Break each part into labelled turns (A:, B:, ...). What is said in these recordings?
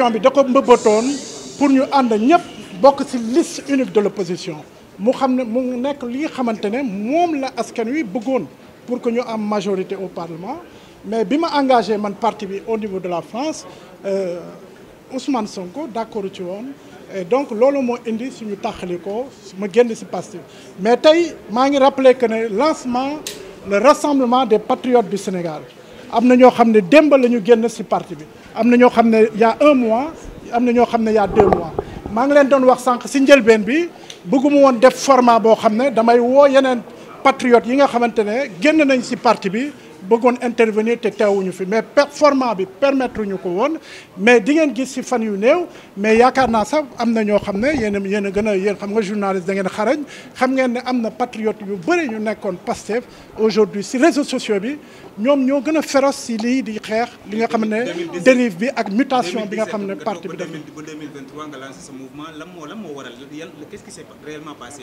A: élection bi da ko mbëbatoon pour ñu and ñep bok ci liste unique de l'opposition mu xamne mu nek li xamantene mom la askan wi bëggoon pour que ñu am majorité au parlement mais bima engagé man parti bi au niveau de la France euh, Ousmane Sonko d'accord ci woon et donc lolo mo indi suñu taxali ko ma genn ci passé mais tay ma ngi rappeler que ne lancement le rassemblement des patriotes du Sénégal am na ñoo xam ne démb la ñu génn ci parti bi am na ñoo xam ne yaa un mois am na ñoo xam ne y deux mois maa ngi leen doon wax sànq ci njëlbeen bi bëggumu woon def format boo xam ne damay woo yeneen patriotes yi nga xamante ne génn nañ ci parti bi bëggoon intervenir te teewuñu fi mais performant bi permettre ñu ko woon mais di ngeen gis ci fan yu neew mais yaakaar naa sax am na ñoo xam ne yéen a xam nga journaliste da ngeen xarañ xam ngeen ne amna patriote yu bëri ñu nekkoon Pastef aujourd'hui ci réseaux sociaux bi ñom ñoo gëna féroce si lii di xeex li nga xam dérive bi ak mutation bi nga xam parti bi def 2023 nga lancé ce mouvement lam mo lam mo waral qu'est-ce qui s'est réellement passé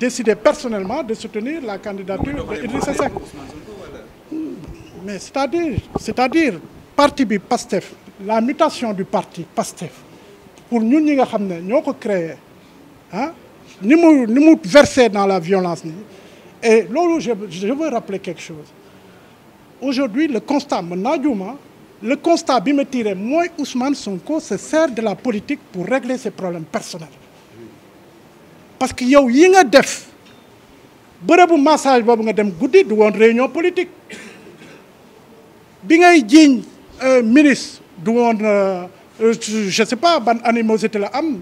A: décider personnellement de soutenir la candidature d'Idrissa Seck mais c'est-à-dire c'est-à-dire parti bi PASTEF la mutation du parti PASTEF pour nous, nous avons créé Nous hein, versé dans la violence et je veux rappeler quelque chose aujourd'hui le constat le constat bi Ousmane Sonko se sert de la politique pour régler ses problèmes personnels parce que yow yi nga def bërëbu massage des nga dem goudi du won réunion politique bi ngay un euh, ministre du woon euh, euh, je sais pas ban animosité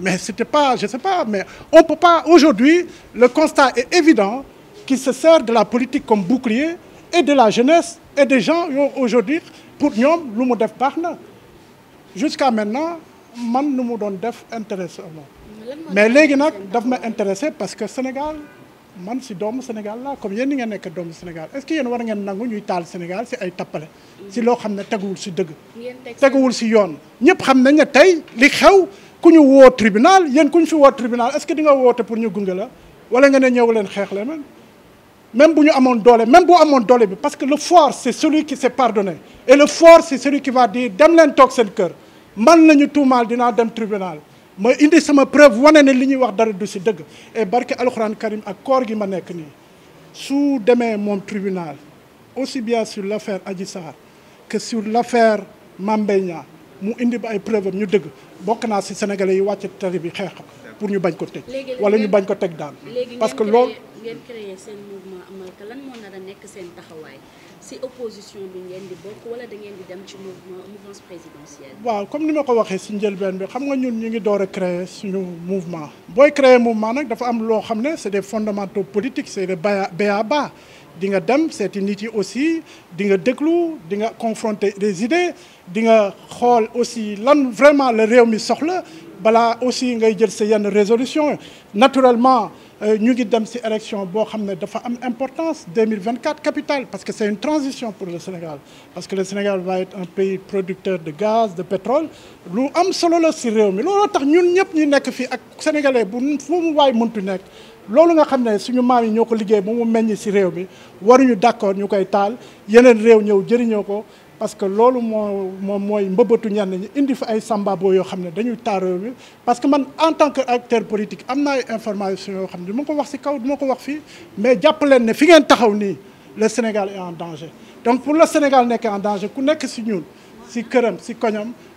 A: mais c'était pas je sais pas mais on peut pas aujourd'hui le constat est évident qu'il se sert de la politique comme bouclier et de la jeunesse et des gens ont aujourd'hui pour nous, lu mu def jusqu'à maintenant man nous mu pas def intéressant mais léegi nag daf ma intéressé parce que Sénégal man si doomu Sénégal laa comme yéen ni ngeen nekk doomu Sénégal est-ce que yéen war ngeen nangu ñuy taal Sénégal si ay tappale si loo xam ne teguwul si dëgg teguwul si yoon ñëpp xam nañ ne tey li xew ku ñu woo tribunal yéen ku ñu fi woo tribunal est-ce que di nga woote pour ñu gunge la wala nga ne ñëw leen xeex leen même même bu ñu amoon doole même bu amoon doole bi parce que le fort c'est celui le fort c'est celui qui va dire dem leen toog seen kër man nañu tuumaal dinaa dem tribunal ma indi sama preuve woné né li ñuy wax dara du ci dëgg et barké alcorane karim ak koor gi ma nekk ni su demee mom tribunal aussi bien sur l'affaire affaire que sur l'affaire affaire mu indi ba ay preuve ñu dëgg bokk na ci sénégalais yi wacc tari bi xex pour ñu bañ ko tëj wala ñu bañ ko tek daan parce que lool ngeen créer sen mouvement Amalka lan mo nar a nekk seen taxawaay c'est opposition bi ngeen di bokk wala da ngeen di dem ci mouvement présidentiel. présidentielle. waaw comme ni ma ko waxee si njëlbeen bi xam nga ñun ñu ngi door a créer suñu mouvement booy créer mouvement nag dafa am loo xam ne c'est des fondamentaux politiques c'est des b.a.-ba di nga dem c'est une yi aussi di nga déglu di nga confronter des idées di nga xool aussi lan vraiment la réew mi soxla bala aussi ngay jël sa yenn résolution naturellement nous euh, ngi dem ci élection qui a une importance 2024 capitale parce que c'est une transition pour le Sénégal parce que le Sénégal va être un pays producteur de gaz de pétrole lu am solo le ci réew mi looloo tax ñun ñëpp ñu nekk fii ak sénégalais bu fu mu waay muntu nekk loolu nga xam suñu mam yi ñoko liggéey bu mu meññ ci réew mi waruñu d'accord ñukay taal yeneen réew ñew jëriñoo parce que lolu mo moom mooy mbëbëtu ñenn ñi indi fa ay samba bo yo ne dañuy taaroo bi parce que man en tant que acteur politique amna ay information yo xam ne ko wax ci kaw du ko wax fi mais jàpp leen ne fi ngeen taxaw ni le Sénégal est en danger donc pour le Sénégal nek en danger ku nek ci ñun ci kërëm ci koñam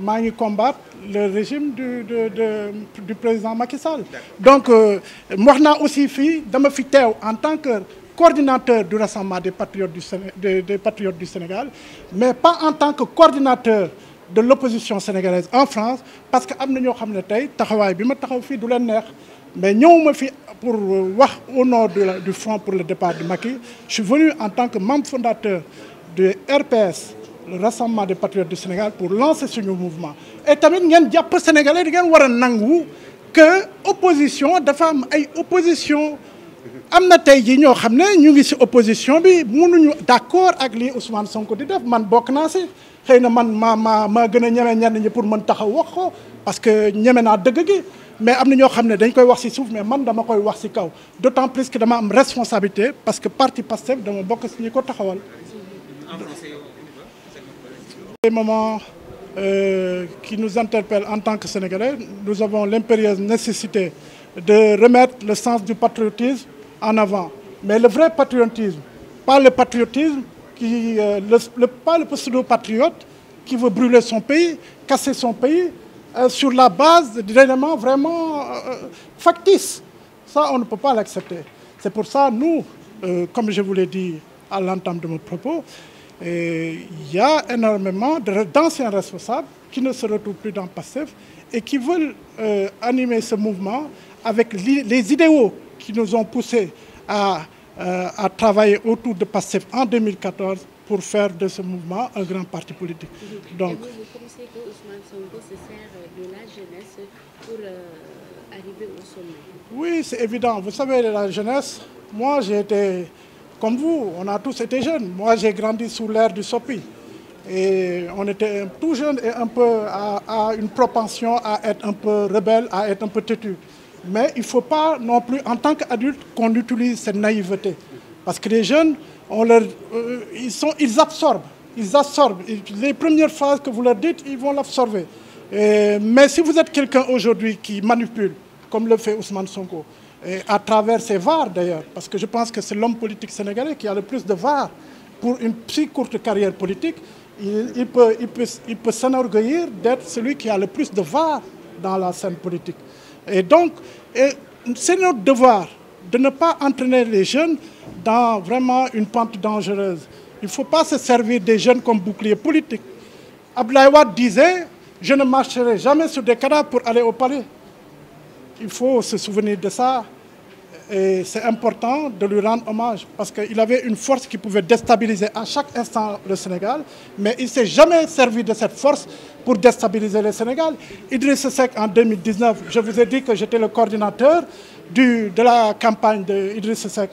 A: maa combattre le régime du président Macky Sall. donc moi euh, j'ai aussi je dama en tant que coordinateur du rassemblement des patriotes du des patriotes du Sénégal mais pas en tant que coordinateur. de l'opposition sénégalaise en France parce que a ñoo ne mais pour euh, wax au nom du Front pour le départ de Macky je suis venu en tant que membre fondateur de RPS le rassemblement des patriotes du Sénégal pour lancer ce nouveau mouvement et tamit ngeen japp sénégalais di ngeen wara nangou que opposition dafa am ay opposition amna tay ji jii ñoo xam ñu ngi ci opposition bi mënu ñu d'accord ak li Ousmane Sonko di def man bok na ci xeyna man ma ma maa gën a ñeme ñi pour mën taxaw wax ko parce que ñeme na dëgg gi mais amna na ñoo xam dañ koy wax ci souf mais man dama koy wax ci kaw d'autant plus que dama am responsabilité parce que parti Pastef dama bok ci ñi ko taxawal. Les moments euh, qui nous interpellent en tant que Sénégalais, nous avons l'impérieuse nécessité de remettre le sens du patriotisme en avant. Mais le vrai patriotisme, pas le patriotisme, qui, euh, pas le pseudo-patriote qui veut brûler son pays, casser son pays, euh, sur la base d'éléments vraiment factices. Ça, on ne peut pas l'accepter. C'est pour ça, nous, comme je vous l'ai dit à l'entame de mon propos, il y a énormément d'anciens responsables qui ne se retrouvent plus dans PASSEF et qui veulent euh, animer ce mouvement avec les idéaux qui nous ont poussés à, euh, travailler autour de PASSEF en 2014 pour faire de ce mouvement un grand parti politique. Donc, et vous, vous pensez que Ousmane se sert de la jeunesse pour euh, arriver au sommet Oui, c'est évident. Vous savez, la jeunesse, moi j'ai été comme vous, on a tous été jeunes. Moi, j'ai grandi sous l'ère du SOPI. Et on était tout jeune et un peu à, une propension à être un peu rebelle, à être un peu têtu. Mais il ne faut pas non plus, en tant qu'adulte, qu'on utilise cette naïveté. Parce que les jeunes, on euh, sont, ils absorbent. Ils absorbent. Les premières phrases que vous leur dites, ils vont l'absorber. Mais si vous êtes quelqu'un aujourd'hui qui manipule, comme le fait Ousmane Sonko, et à travers ses VAR d'ailleurs, parce que je pense que c'est l'homme politique sénégalais qui a le plus de VAR pour une si courte carrière politique. Il, peut, il il peut s'enorgueillir d'être celui qui a le plus de VAR dans la scène politique. Et donc, c'est notre devoir de ne pas entraîner les jeunes dans vraiment une pente dangereuse. Il ne faut pas se servir des jeunes comme bouclier politique. Abdoulaye disait, je ne marcherai jamais sur des cadavres pour aller au palais il faut se souvenir de ça et c'est important de lui rendre hommage parce qu'il avait une force qui pouvait déstabiliser à chaque instant le Sénégal, mais il ne s'est jamais servi de cette force pour déstabiliser le Sénégal. Idriss Seck, en 2019, je vous ai dit que j'étais le coordinateur du, de la campagne d'Idriss Seck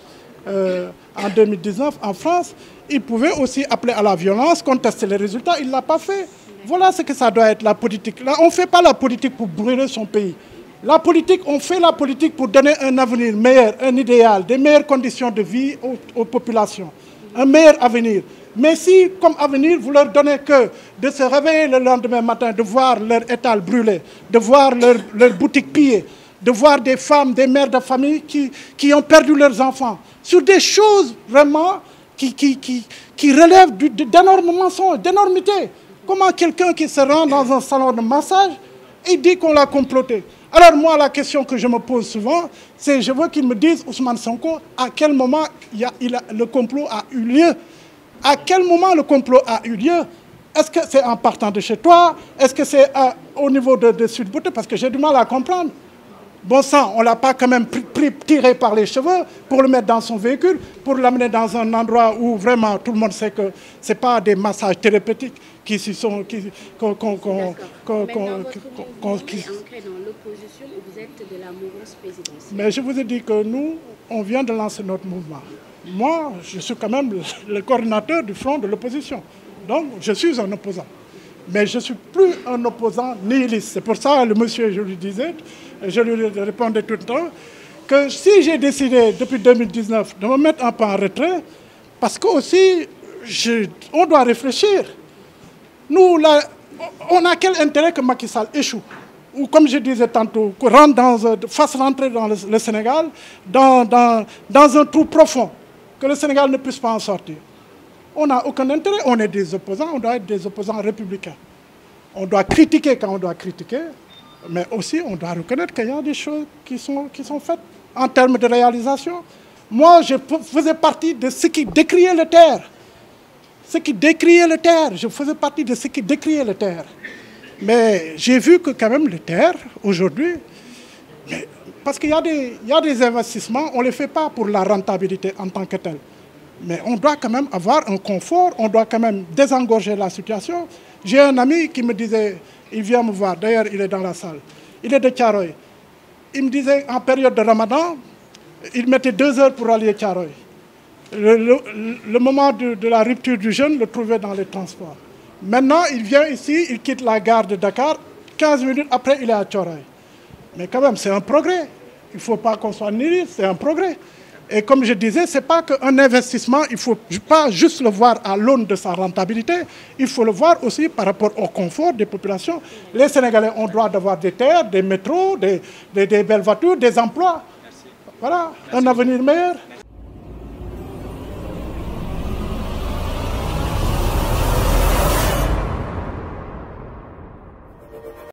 A: euh, en 2019 en France. Il pouvait aussi appeler à la violence, contester les résultats, il ne l'a pas fait. Voilà ce que ça doit être la politique. Là, on ne fait pas la politique pour brûler son pays. La politique, on fait la politique pour donner un avenir meilleur, un idéal, des meilleures conditions de vie aux, populations, un meilleur avenir. Mais si, comme avenir, vous leur donnez que de se réveiller le lendemain matin, de voir leur étal brûlé, de voir leur, boutique pillée, de voir des femmes, des mères de famille qui, ont perdu leurs enfants, sur des choses vraiment qui, qui, qui relèvent d'énormes mensonges, d'énormités. Comment quelqu'un qui se rend dans un salon de massage, et dit qu'on l'a comploté alors moi, la question que je me pose souvent, c'est je veux qu'ils me disent, Ousmane Sonko, à quel moment il a, le complot a eu lieu À quel moment le complot a eu lieu Est-ce que c'est en partant de chez toi Est-ce que c'est euh, au niveau de, de Sud Parce que j'ai du mal à comprendre. Bon sang, on ne l'a pas quand même tiré par les cheveux pour le mettre dans son véhicule, pour l'amener dans un endroit où vraiment tout le monde sait que ce n'est pas des massages thérapeutiques qui se sont... dans l'opposition et vous êtes de la mouvance présidentielle Mais je vous ai dit que nous, on vient de lancer notre mouvement. Moi, je suis quand même le coordinateur du front de l'opposition. Donc, je suis un opposant. Mais je ne suis plus un opposant nihiliste. C'est pour ça, le monsieur, je lui disais, je lui répondais tout le temps, que si j'ai décidé depuis 2019 de me mettre un peu en retrait, parce qu'aussi, on doit réfléchir. Nous, là, on a quel intérêt que Macky Sall échoue ou comme je disais tantôt, rentre dans, fasse rentrer dans le, le Sénégal dans, dans un trou profond, que le Sénégal ne puisse pas en sortir on n'a aucun intérêt. On est des opposants, on doit être des opposants républicains. On doit critiquer quand on doit critiquer, mais aussi on doit reconnaître qu'il y a des choses qui sont, qui sont faites en termes de réalisation. Moi, je faisais partie de ceux qui décriaient le terre. Ceux qui décriaient le terre, je faisais partie de ceux qui décriaient le terre. Mais j'ai vu que quand même le terre, aujourd'hui, parce qu'il y, y, a des investissements, on ne les fait pas pour la rentabilité en tant que telle. Mais on doit quand même avoir un confort, on doit quand même désengorger la situation. J'ai un ami qui me disait, il vient me voir, d'ailleurs il est dans la salle, il est de Tcharoy. Il me disait, en période de ramadan, il mettait deux heures pour aller à Tcharoy. Le, moment de, la rupture du jeûne le trouvait dans les transports. Maintenant, il vient ici, il quitte la gare de Dakar, 15 minutes après, il est à Tcharoy. Mais quand même, c'est un progrès. Il ne faut pas qu'on soit nihiliste, c'est un progrès. Et comme je disais, ce n'est pas qu'un investissement, il ne faut pas juste le voir à l'aune de sa rentabilité, il faut le voir aussi par rapport au confort des populations. Les Sénégalais ont droit d'avoir des terres, des métros, des, belles voitures, des emplois. Voilà, un avenir meilleur.